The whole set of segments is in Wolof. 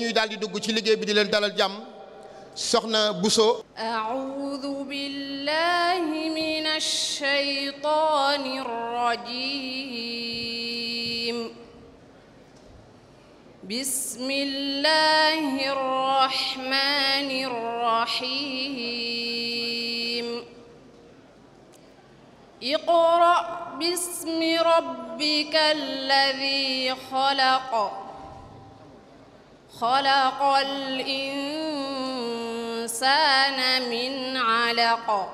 ñuy daal di dugg ci liggéey bi di leen dalal jàmm soxna Bousso. a'uudu billahi minash shaytaanir rajiim. bismillahir rahmanir rahiim. iqra bismi rabbikal ladhi khalaq. خلق الإنسان من علق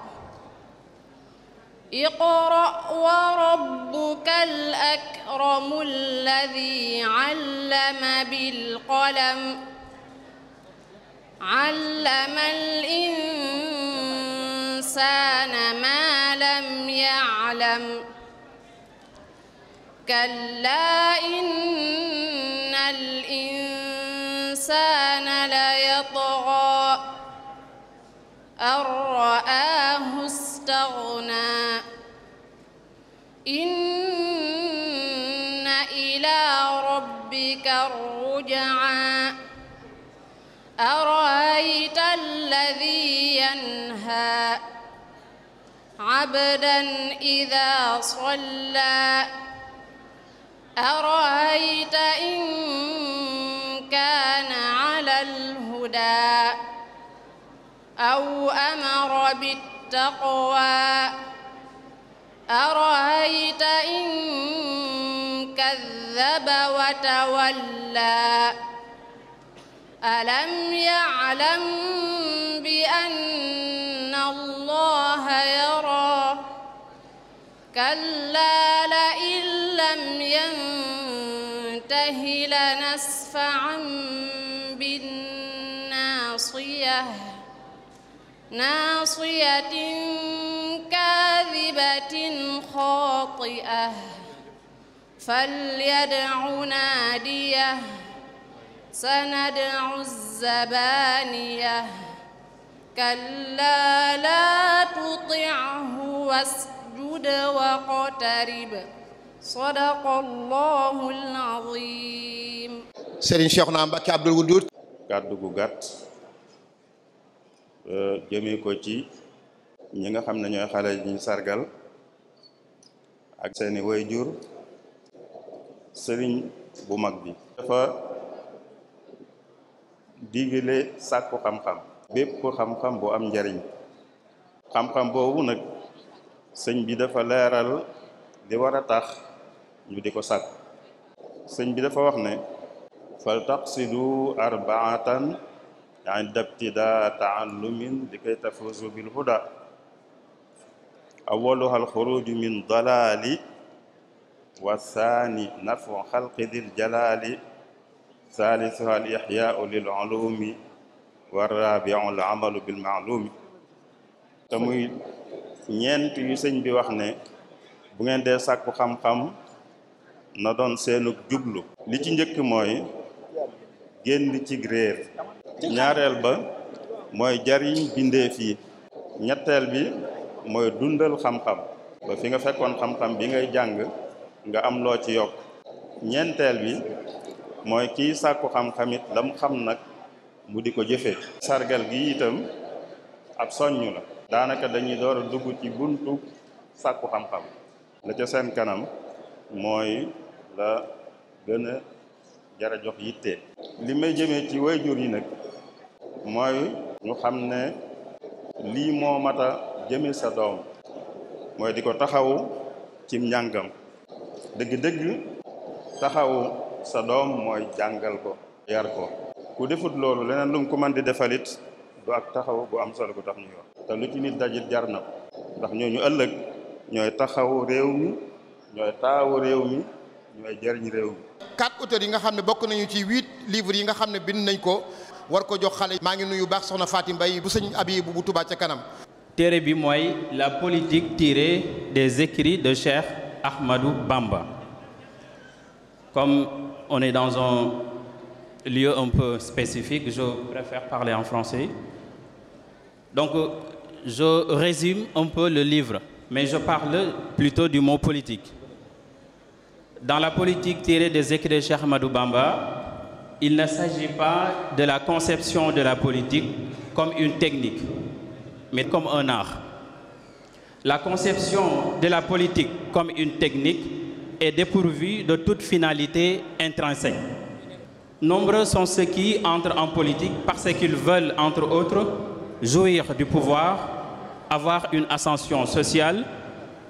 اقرأ وربك الأكرم الذي علم بالقلم علم الإنسان ما لم يعلم كلا إن أرأيت الذي ينهى عبدا إذا صلى أرأيت إن كان على الهدى أو أمر بالتقوى أرأيت إن كذب وتولى ألم يعلم بأن الله يرى كلا لئن لم ينته لنسفعا بالناصية ناصية كاذبة خاطئة فليدع ناديه سندع الزبانية كلا لا تطعه واسجد واقترب صدق الله العظيم Serigne Cheikhouna Mbacké Abdoul Wadoud kàddu gu gàtt euh, jëmee ko ci ñi nga xam ne ñooy xale ñu sargal ak seeni waajur sëriñ bu mag bi dafa digle sàkku xam-xam bépp ko xam-xam am njariñ xam boobu nag sëñ bi dafa leeral di war a tax ñu di ko sàkk sëñ bi dafa wax ne fal taqsidu arbaatan inda da taallumin li kay tafuzu bil huda awaluha alxuruju min dalaali wa saani nafu xalqi dil salisuha al ixyaau lil ulumi wa rabiu te muy ñeent yu bi wax ne bu ngeen dee sàkku xam na doon seenug jublu li ci njëkk mooy génn ci réer ba mooy jariñ bindeef yi ñetteel bi mooy dundal xam fi nga fekkoon xam bi ngay jàng nga am loo ci yokk ñeenteel bi mooy kii sàkku xam-xamit lam xam nag mu di ko jëfee sargal gi itam ab soññu la daanaka dañuy door a dugg ci buntu sàkku xam-xam la ca seen kanam mooy la gën a jara jox yitte li may jëme ci wayjur yi nag mooy ñu xam ne lii moo mat a jëme sa doom mooy di ko taxawu cim njàngam dëgg-dëgg taxawu sa doom mooy jàngal ko yar ko ku defut loolu leneen lum ko mën di defal it ak taxaw bu am solo ko tax ñuy wax te lu ci nit dajit jar na ndax ñooñu ëllëg ñooy taxaw réew mi ñooy taawu réew mi ñooy jëriñ réew mi quatre auteurs yi nga xam ne bokk nañu ci huit livres yi nga xam ne bind nañ ko war ko jox xale maa ngi nuyu baax soxna Fatim yi bu sañ Abi bu bu Touba ca kanam téere bi mooy la politique tirée des écrits de Cheikh Ahmadou Bamba comme on est dans un lieu spécifique, je préfère parler en français. Donc, euh, je résume un peu le livre, mais je parle plutôt du mot politique. Dans la politique tirée des écrits de Cheikh Ahmadou Bamba, il ne s'agit pas de la conception de la politique comme une technique, mais comme un art. La conception de la politique comme une technique est dépourvu de toute finalité intrinsèque. Nombreux sont ceux qui entrent en politique parce qu'ils veulent, entre autres, jouir du pouvoir, avoir une ascension sociale,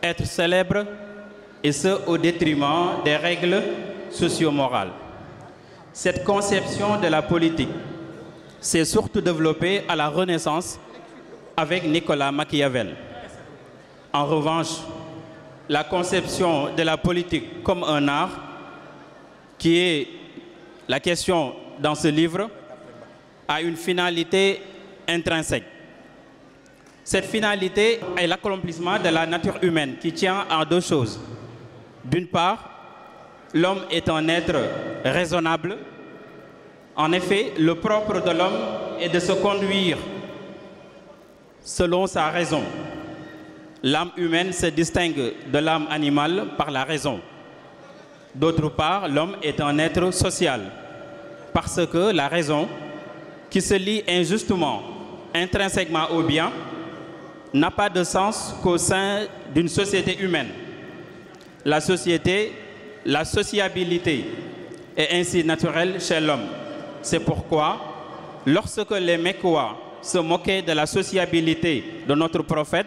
être célèbre, et ce au détriment des règles socio-morales. Cette conception de la politique s'est surtout développée à la Renaissance avec Nicolas Machiavel. En revanche, la conception de la politique comme un art, qui est la question dans ce livre, a une finalité intrinsèque. Cette finalité est l'accomplissement de la nature humaine qui tient en deux choses. D'une part, l'homme est un être raisonnable. En effet, le propre de l'homme est de se conduire selon sa raison. l'âme humaine se distingue de l'âme animale par la raison. D'autre part, l'homme est un être social, parce que la raison, qui se lie injustement, intrinsèquement au bien, n'a pas de sens qu'au sein d'une société humaine. La société, la sociabilité est ainsi naturelle chez l'homme. C'est pourquoi, lorsque les Mécois se moquaient de la sociabilité de notre prophète,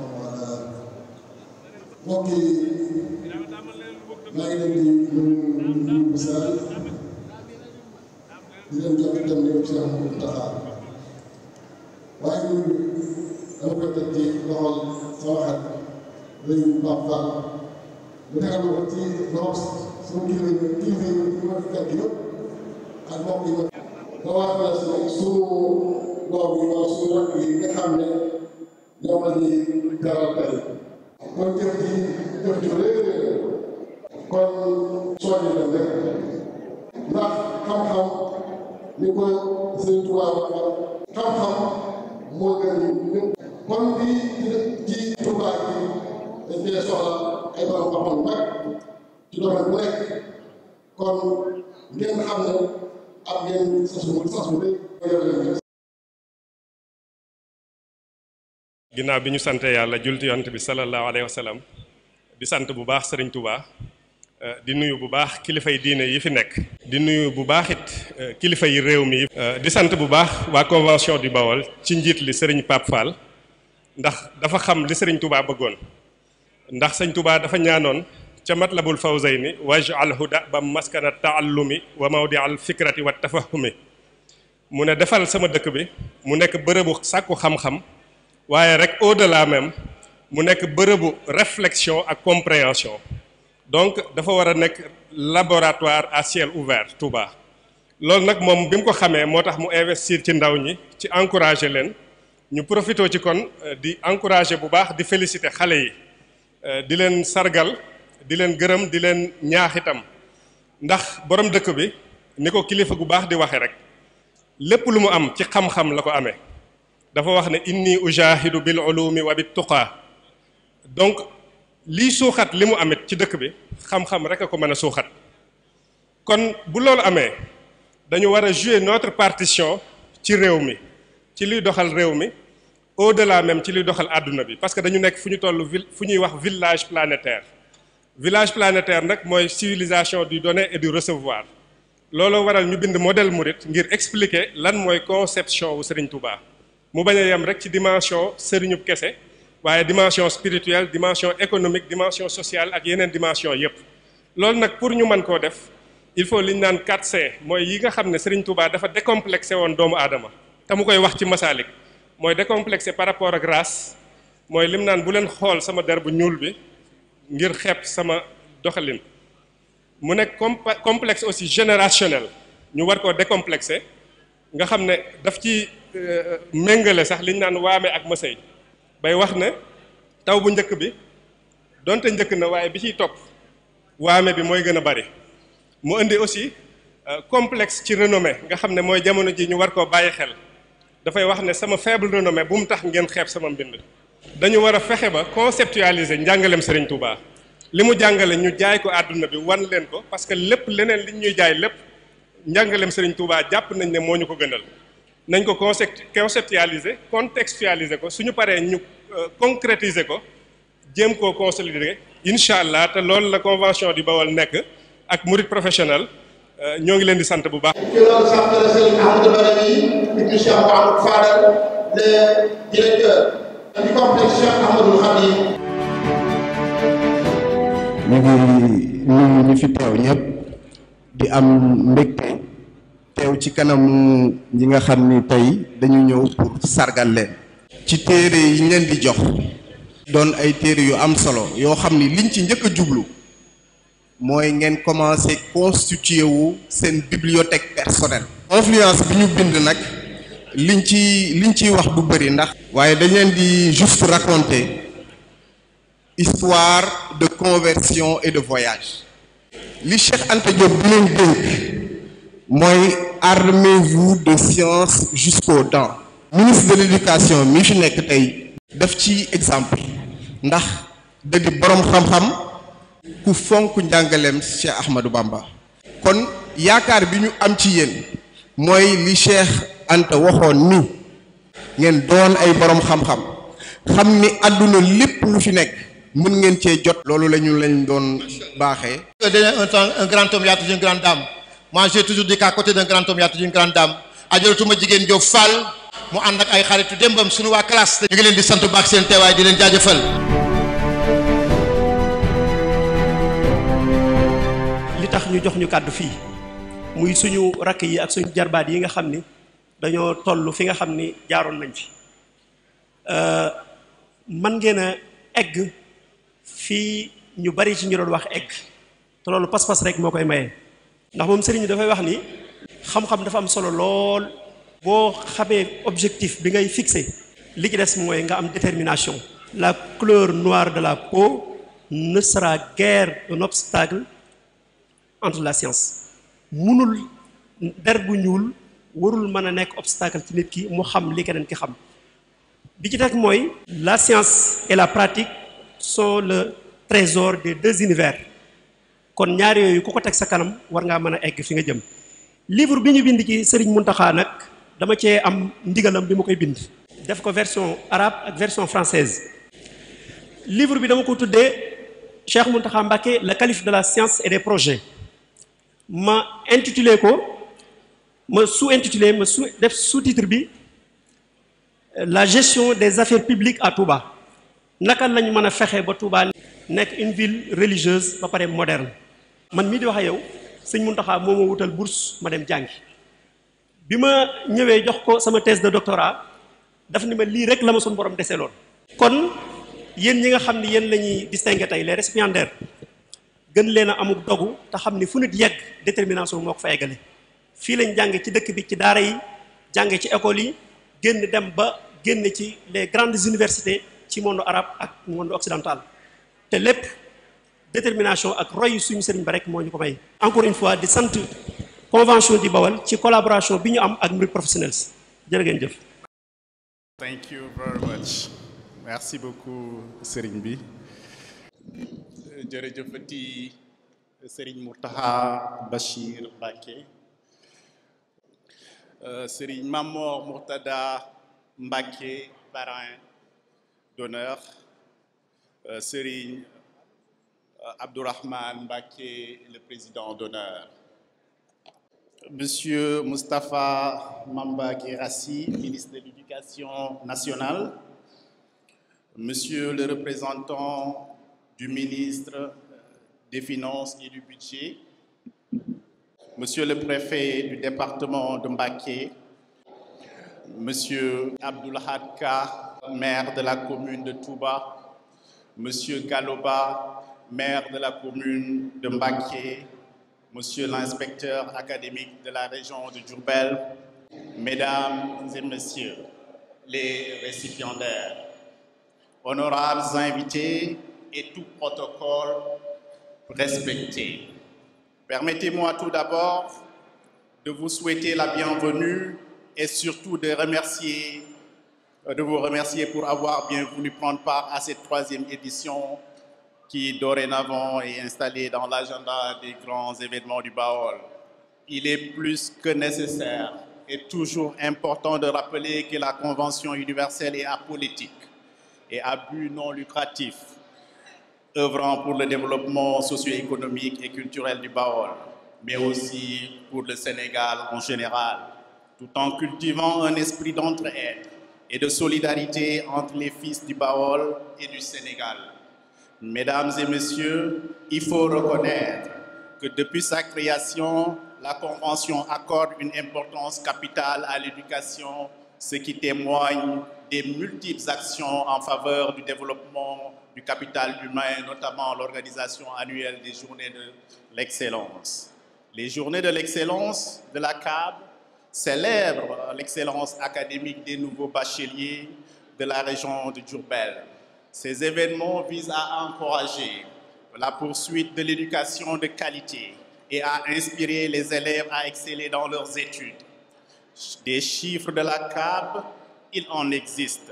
mbokk yi maa ngi leen di nuyu misaal di leen jox itam li nga ci am taxaar waaye ñun dama koy teg ci loxol sama xarit rëyu Pape Fall mu tegal ma ko ci loxo sama kilifa yi kilifa yi ma fi fekk yëpp ak mbokk yi ma rawatina suñu doom yi wala suñu rakk yi nga xam ne ñoom la ñuy garal tey mooy jëf ji jëf ju kon soññ leen rek ndax xam-xam ni ko sëñ Tuubaa wax xam-xam moo gën lépp kon bii ci Tuubaa bi dañ cee soxla ay borom xam-xam mag ci domaine bu nekk kon ngeen xam ne am ngeen sas bu sas bu rëy yor leen ginnaaw bi ñu sante yàlla julti yonent bi sallallahu alayhi wa sallam di sant bu baax sëriñ Touba eh, di nuyu bu baax kilifay diine yi fi nekk di nuyu bu baax it eh, kilifa yi réew mi eh, di sant bu baax waa convention di Bawol ci njiit li sëriñ Pape Fall ndax dafa xam li sëriñ tubaa bëggoon ndax sëñ tubaa dafa ñaanoon ca matlabul fawzayni waj'alhu da'ban maskana taallumi wa mawdi'al fikrati wa tafahumi mu ne defal sama dëkk bi mu nekk bërëbu sàkku xam-xam waaye rek de la même mu nekk bërëbu réflexion ak compréhension donc dafa war a nekk laboratoire à ciel ouvert Touba loolu nag moom bi mu ko xamee moo tax mu investir ci ndaw ñi ci encourager leen ñu profité ci kon euh, di encourager bu baax di féliciter xale yi euh, di leen sargal di leen gërëm di leen ñaax itam ndax borom dëkk bi ni ko kilifa gu baax di waxe rek lépp lu mu am ci xam-xam la ko amee dafa wax ne inni ujahidu bil ulumi wa bit tuqa donc lii suuxat li mu amit ci dëkk bi xam-xam rek a ko mën a suuxat kon bu loolu amee dañu war a jouer notre partition ci réew mi ci luy doxal réew mi de la même ci luy doxal àdduna bi parce que dañu nekk fu ñu toll ville fu ñuy wax village planétaire village planétaire nag mooy civilisation du donner et du recevoir looloo waral ñu bind modèle murit ngir expliquer lan mooy conception wu Serigne Touba. mu bañ a yem rek ci dimension sëriñub kese waaye dimension spirituelle dimension économique dimension sociale ak yeneen dimension yépp loolu nag pour ñu mën koo def il faut li ñu naan 4C mooy yi nga xam ne Serigne Touba dafa décomplexé woon doomu aadama te mu koy wax ci masaalik mooy décomplexé par rapport ak race mooy lim naan bu leen xool sama der bu ñuul bi ngir xeeb sama doxalin mu nekk complexe aussi générationnel ñu war koo décomplexé nga xam ne Euh, méngale sax liñ naan waame ak mësëy bay wax ne taw bu njëkk bi donte njëkk na waaye bi ciy topp waame bi mooy gën a bari mu indi aussi euh, complexe ci renommée nga xam ne mooy jamono ji ñu war koo bàyyi xel dafay wax ne sama faible renommée bu mu tax ngeen xeeb sama mbind dañu war a fexe ba conceptualiser njàngaleem Serigne Touba li mu jàngale ñu jaay ko àdduna bi wan leen ko parce que lépp leneen liñ ñuy jaay lépp njàngaleem Serigne Touba jàpp nañ ne moo ñu ko gënal nañ ko concept conceptualiser contextualiser ko suñu paree ñu euh, concrétiser ko jéem koo consolider incha allah te loolu la convention di Bawol nekk ak murid professional euh, ñoo ngi leen di sant bu baax. ci ñu ngi ñu fi teew ñëpp di am mbégte. teew ci kanamu ñi nga xam ni tey dañu ñëw pour sargal leen ci téere yi ñu leen di jox doon ay téere yu am solo yoo xam ni liñ ci njëkk a jublu mooy ngeen commencé constituer wu seen bibliothèque personnelle influence bi ñu bind nag liñ ci liñ ciy wax bu bëri ndax waaye dañ leen di juste raconter histoire de conversion et de voyage li Cheikh Anta bi leen dénk mooy armez-vous de science jusqu'aux dents ministre de l'éducation mi fi nekk tey def ci exemple ndax dëgg boroom xam-xam ku fonk njàngaleem Cheikh Ahmadou Bamba kon yaakaar bi ñu am ci yéen mooy li Cheikh Anta waxoon ni ngeen doon ay boroom xam-xam xam ni àdduna lépp lu fi nekk mën ngeen cee jot loolu la ñu lañ doon baaxee. dañu un temps un moi j'ai toujours dit qu'à côté d'un grand homme y toujours une dame ajaratuma jigéen Diop Fall mu ànd ak ay xaritu démbam suñu waa classe ñu ngi leen di sant baax seen teewaay di leen jaajëfal li tax ñu jox ñu kàddu fii muy suñu rakk yi ak suñu jarbaat yi nga xam ni dañoo tollu fi nga xam ni jaaroon nañ fi euh, man ngeen a egg fii ñu bari ci ñu doon wax egg te loolu pas-pas rek moo koy mayee ndax moom sëriñ bi dafay wax ni xam-xam dafa am solo lool boo xamee objectif bi ngay fixé li ci des mooy nga am détermination la couleur noire de la peau ne sera guère un obstacle entre la science munul der bu ñuul warul mën a nekk obstacle ci nit ki mu xam li keneen ki xam bi ci teg mooy la science et la pratique sont le trésor des deux univers kon ñaar yooyu ku ko teg sa kanam war ngaa mën a egg fi nga jëm livre bi ñu bind ci Serigne Mountakha nag dama cee am ndigalam bi ma koy bind. def ko version arabe ak version française livre bi dama ko tuddee Cheikh Mountakha Mbacké le calife de la science et des projets ma intitulé ko ma sous-intitulé ma sous def sous-titre bi la gestion des affaires publiques à Touba naka lañ mën a fexe ba Touba nekk une ville religieuse ba pare moderne man mii di wax yow sëñ Muntaxa moo ma wutal bourse ma dem jàngi bi ma ñëwee jox ko sama thèse de doctorat daf ni ma lii rek la ma suñu borom desee loon kon yéen ñi nga xam ne yéen la ñuy distingué tey les récipiendaires gën leen a amuk dogu te xam ni fu nit yegg détermination moo ko fa eggale fii lañ jàng ci dëkk bi ci daara yi jàng ci école yi génn dem ba génn ci les grandes universités ci monde arabe ak monde occidental te lépp détermination ak roy suñu sëriñ ba moo ñu ko may encore fois di sant convention di Bawal ci collaboration bi ñu am ak Mourides Professionnels jërë ngeen jëf thank you very merci beaucoup sëriñ bi jërëjëfati sëriñ Mourtaha Bachir Mbacké euh, sëriñ Mamor Mourtada Mbacké d'honneur euh, sëriñ Euh, Abdourahman Mbaké, le président d'honneur. Monsieur Mustapha Mamba Kirassi, ministre de l'Éducation nationale. Monsieur le représentant du ministre euh, des Finances et du Budget. Monsieur le préfet du département de Mbaké. Monsieur Abdoulhadka, maire de la commune de Touba. Monsieur Galoba, maire de la commune de Mbacké, monsieur l'inspecteur académique de la région de Diourbel, mesdames et messieurs les récipiendaires, honorables invités et tout protocole respecté. Permettez-moi tout d'abord de vous souhaiter la bienvenue et surtout de vous remercier pour avoir bien voulu prendre part à cette troisième édition qui dorénavant est installé dans l'agenda des grands événements du Baol. Il est plus que nécessaire et toujours important de rappeler que la Convention universelle est apolitique et à but non lucratif, œuvrant pour le développement socio-économique et culturel du Baol, mais aussi pour le Sénégal en général, tout en cultivant un esprit d'entraide et de solidarité entre les fils du Baol et du Sénégal. Mesdames et messieurs, il faut reconnaître que depuis sa création, la Convention accorde une importance capitale à l'éducation, ce qui témoigne des multiples actions en faveur du développement du capital humain, notamment l'organisation annuelle des Journées de l'excellence. Les Journées de l'excellence de la CAB célèbrent l'excellence académique des nouveaux bacheliers de la région de Durbel. Ces événements visent à encourager la poursuite de l'éducation de qualité et à inspirer les élèves à exceller dans leurs études. Des chiffres de la CAB, il en existe.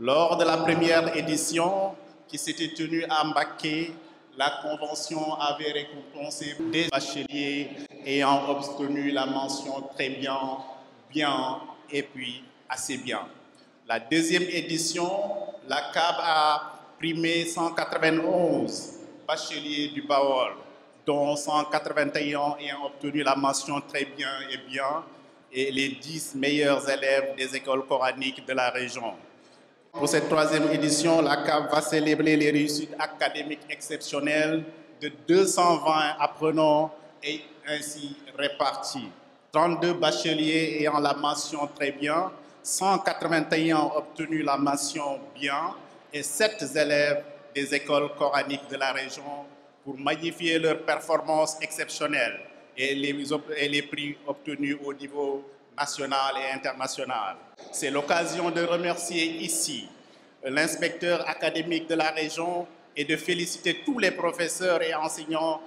Lors de la première édition qui s'était tenue à Mbaké, la convention avait récompensé des bacheliers ayant obtenu la mention très bien, bien et puis assez bien. La deuxième édition, la CAB a primé 191 bacheliers du Baol, dont 181 ayant obtenu la mention très bien et bien, et les 10 meilleurs élèves des écoles coraniques de la région. Pour cette troisième édition, la CAB va célébrer les réussites académiques exceptionnelles de 220 apprenants et ainsi répartis. 32 bacheliers ayant la mention très bien, 181 ont obtenu la mention bien et 7 élèves des écoles coraniques de la région pour magnifier leur performance exceptionnelle et les, et les prix obtenus au niveau national et international. C'est l'occasion de remercier ici l'inspecteur académique de la région et de féliciter tous les professeurs et enseignants,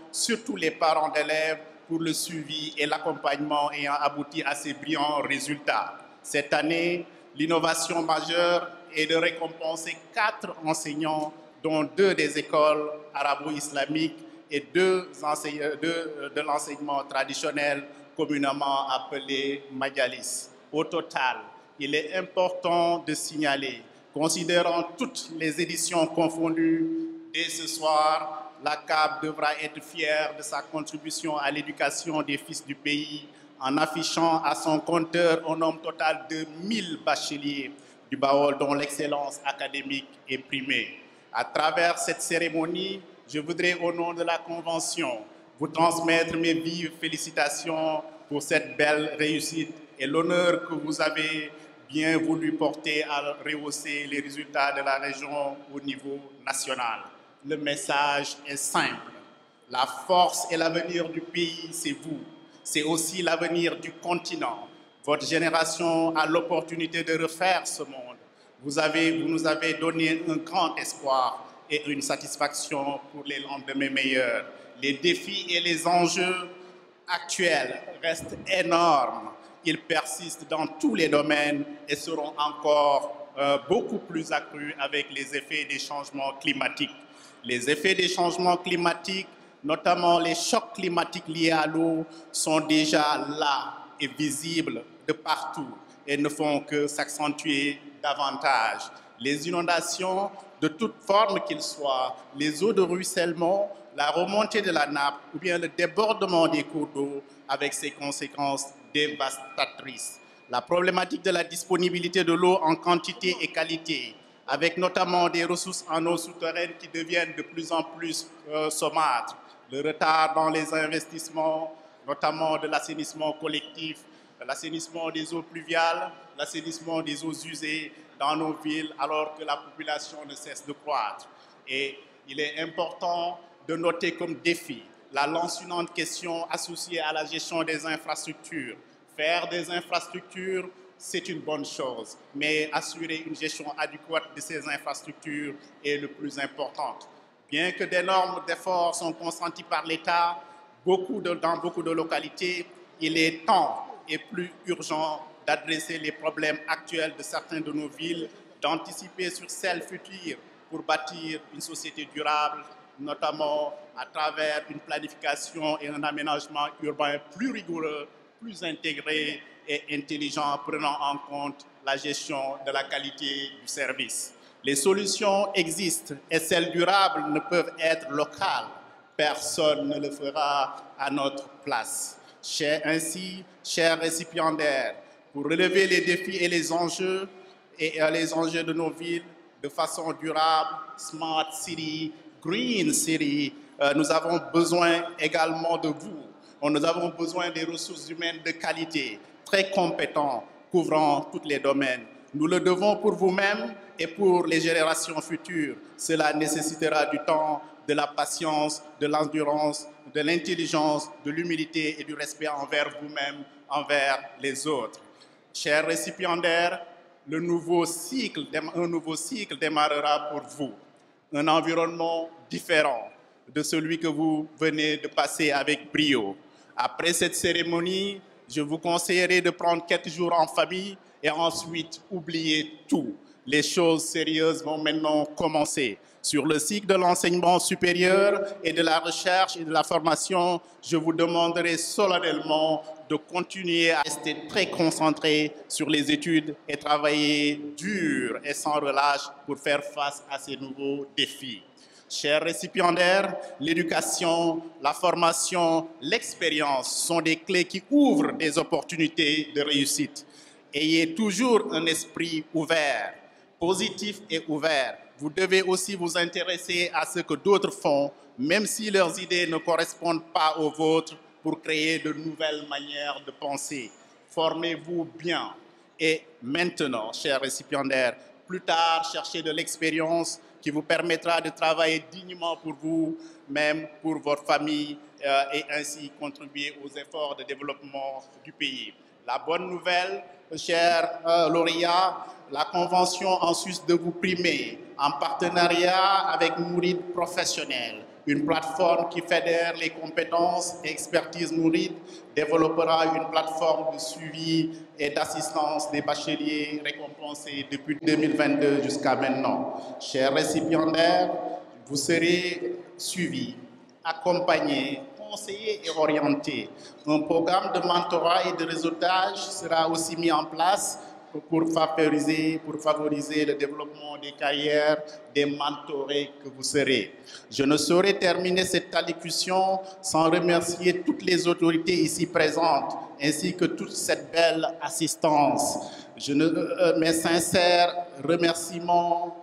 les parents d'élèves, pour le suivi et l'accompagnement ayant abouti à ces brillants résultats. Cette année, l'innovation majeure est de récompenser quatre enseignants, dont deux des écoles arabo-islamiques et deux, deux euh, de l'enseignement traditionnel communément appelé Magalis. Au total, il est important de signaler, considérant toutes les éditions confondues, dès ce soir, la CAP devra être fière de sa contribution à l'éducation des fils du pays en affichant à son compteur un nombre total de bacheliers du Baol dont l'excellence académique est primée. À travers cette cérémonie, je voudrais au nom de la Convention vous transmettre mes vives félicitations pour cette belle réussite et l'honneur que vous avez bien voulu porter à rehausser les résultats de la région au niveau national. Le message est simple. La force et l'avenir du pays, c'est vous. c'est aussi l'avenir du continent. Votre génération a l'opportunité de refaire ce monde. Vous, avez, vous nous avez donné un grand espoir et une satisfaction pour les lendemains meilleurs. Les défis et les enjeux actuels restent énormes. Ils persistent dans tous les domaines et seront encore euh, beaucoup plus accrus avec les effets des changements climatiques. Les effets des changements climatiques notamment les chocs climatiques liés à l'eau, sont déjà là et visibles de partout et ne font que s'accentuer davantage. Les inondations, de toute forme qu'elles soient, les eaux de ruissellement, la remontée de la nappe ou bien le débordement des cours d'eau avec ses conséquences dévastatrices. La problématique de la disponibilité de l'eau en quantité et qualité, avec notamment des ressources en eau souterraine qui deviennent de plus en plus euh, le retard dans les investissements, notamment de l'assainissement collectif, l'assainissement des eaux pluviales, l'assainissement des eaux usées dans nos villes, alors que la population ne cesse de croître. Et il est important de noter comme défi la lancinante question associée à la gestion des infrastructures. Faire des infrastructures, c'est une bonne chose, mais assurer une gestion adéquate de ces infrastructures est le plus important. Bien que des d'énormes efforts sont consentis par l'État, beaucoup de, dans beaucoup de localités, il est temps et plus urgent d'adresser les problèmes actuels de certaines de nos villes, d'anticiper sur celles futures pour bâtir une société durable, notamment à travers une planification et un aménagement urbain plus rigoureux, plus intégré et intelligent, prenant en compte la gestion de la qualité du service. Les solutions existent et celles durables ne peuvent être locales. Personne ne le fera à notre place. Chers ainsi, chers récipiendaires, pour relever les défis et les enjeux et euh, les enjeux de nos villes de façon durable, Smart City, Green City, euh, nous avons besoin également de vous. Nous avons besoin des ressources humaines de qualité, très compétents, couvrant tous les domaines. Nous le devons pour vous-même Et pour les générations futures, cela nécessitera du temps, de la patience, de l'endurance, de l'intelligence, de l'humilité et du respect envers vous-même, envers les autres. Chers récipiendaires, le nouveau cycle, un nouveau cycle démarrera pour vous. Un environnement différent de celui que vous venez de passer avec brio. Après cette cérémonie, je vous conseillerai de prendre quelques jours en famille et ensuite oublier tout. les choses sérieuses vont maintenant commencer. Sur le cycle de l'enseignement supérieur et de la recherche et de la formation, je vous demanderai solennellement de continuer à rester très concentré sur les études et travailler dur et sans relâche pour faire face à ces nouveaux défis. Chers récipiendaires, l'éducation, la formation, l'expérience sont des clés qui ouvrent des opportunités de réussite. Ayez toujours un esprit ouvert positif et ouvert. Vous devez aussi vous intéresser à ce que d'autres font, même si leurs idées ne correspondent pas aux vôtres, pour créer de nouvelles manières de penser. Formez-vous bien. Et maintenant, chers récipiendaires, plus tard, cherchez de l'expérience qui vous permettra de travailler dignement pour vous, même pour votre famille, euh, et ainsi contribuer aux efforts de développement du pays. La bonne nouvelle, cher euh, la convention en sus de vous primer en partenariat avec Mourid Professionnel, plateforme qui fédère les compétences et expertises Mourid, développera une plateforme de suivi et d'assistance des bacheliers récompensés depuis 2022 jusqu'à maintenant. Chers récipiendaires, vous serez suivis, accompagnés conseiller et orienter. Un programme de mentorat et de réseautage sera aussi mis en place pour favoriser, pour favoriser le développement des carrières des mentorés que vous serez. Je ne saurais terminer cette allocution sans remercier toutes les autorités ici présentes ainsi que toute cette belle assistance. Je ne, euh, euh mes sincères remerciements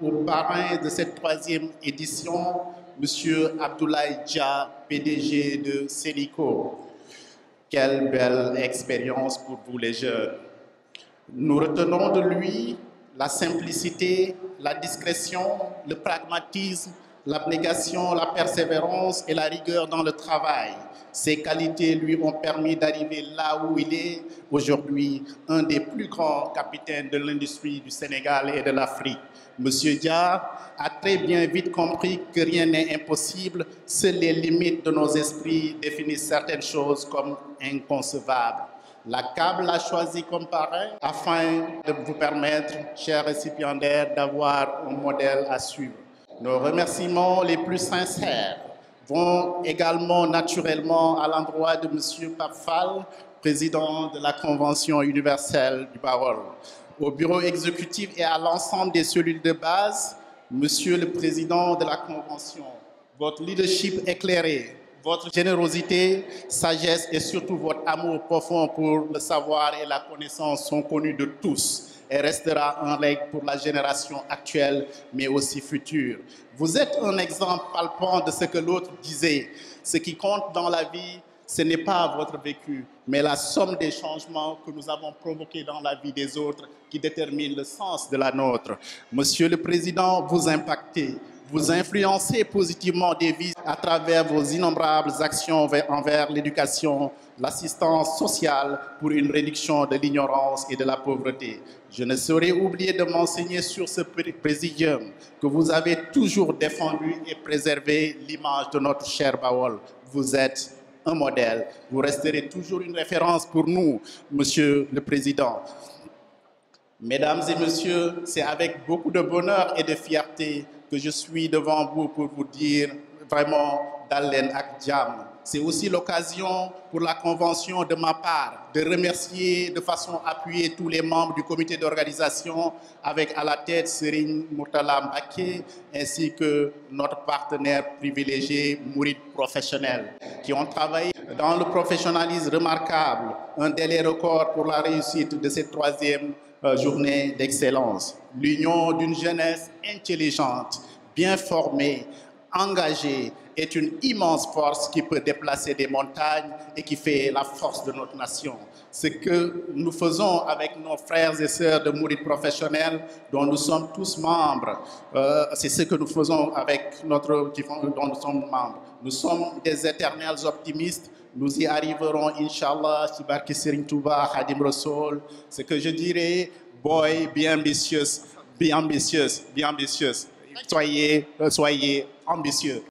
aux parrains de cette troisième édition Monsieur Abdoulaye Dia, PDG de Sénico. Quelle belle expérience pour vous les jeunes. Nous retenons de lui la simplicité, la discrétion, le pragmatisme L'abnégation, la persévérance et la rigueur dans le travail, ces qualités lui ont permis d'arriver là où il est aujourd'hui, un des plus grands capitaines de l'industrie du Sénégal et de l'Afrique. Monsieur Dia a très bien vite compris que rien n'est impossible, seules les limites de nos esprits définissent certaines choses comme inconcevables. La CAB l'a choisi comme parrain afin de vous permettre, chers récipiendaires, d'avoir un modèle à suivre. Nos remerciements les plus sincères vont également naturellement à l'endroit de Monsieur Pape Fall, président de la Convention universelle du Barreau, au bureau exécutif et à l'ensemble des cellules de base, Monsieur le président de la Convention, votre leadership éclairé, votre générosité, sagesse et surtout votre amour profond pour le savoir et la connaissance sont connus de tous. et restera un legs pour la génération actuelle, mais aussi future. Vous êtes un exemple palpant de ce que l'autre disait. Ce qui compte dans la vie, ce n'est pas votre vécu, mais la somme des changements que nous avons provoqués dans la vie des autres qui détermine le sens de la nôtre. Monsieur le Président, vous impactez. Vous influencez positivement des vies à travers vos innombrables actions envers l'éducation, l'assistance sociale pour une réduction de l'ignorance et de la pauvreté. Je ne saurais oublier de m'enseigner sur ce présidium que vous avez toujours défendu et préservé l'image de notre cher Bawol. Vous êtes un modèle. Vous resterez toujours une référence pour nous, Monsieur le Président. Mesdames et Messieurs, c'est avec beaucoup de bonheur et de fierté que je suis devant vous pour vous dire vraiment dal leen ak jàmm. C'est aussi l'occasion pour la convention de ma part de remercier de façon appuyée tous les membres du comité d'organisation avec à la tête Serigne Mourtala Mbacké ainsi que notre partenaire privilégié Mourid Professionnel qui ont travaillé dans le professionnalisme remarquable, un délai record pour la réussite de cette troisième euh, journée d'excellence. L'union d'une jeunesse intelligente, bien formée, engagée est une immense force qui peut déplacer des montagnes et qui fait la force de notre nation. Ce que nous faisons avec nos frères et sœurs de Mourides professionnels, dont nous sommes tous membres, euh, c'est ce que nous faisons avec notre, dont nous sommes membres. Nous sommes des éternels optimistes, nous y arriverons, Inch'Allah, Tibarki Sirin Touba, Hadim Rosol. Ce que je dirais, boy, bien ambitieuse, bien ambitieuse, bien ambitieuse. Soyez, euh, soyez ambitieux.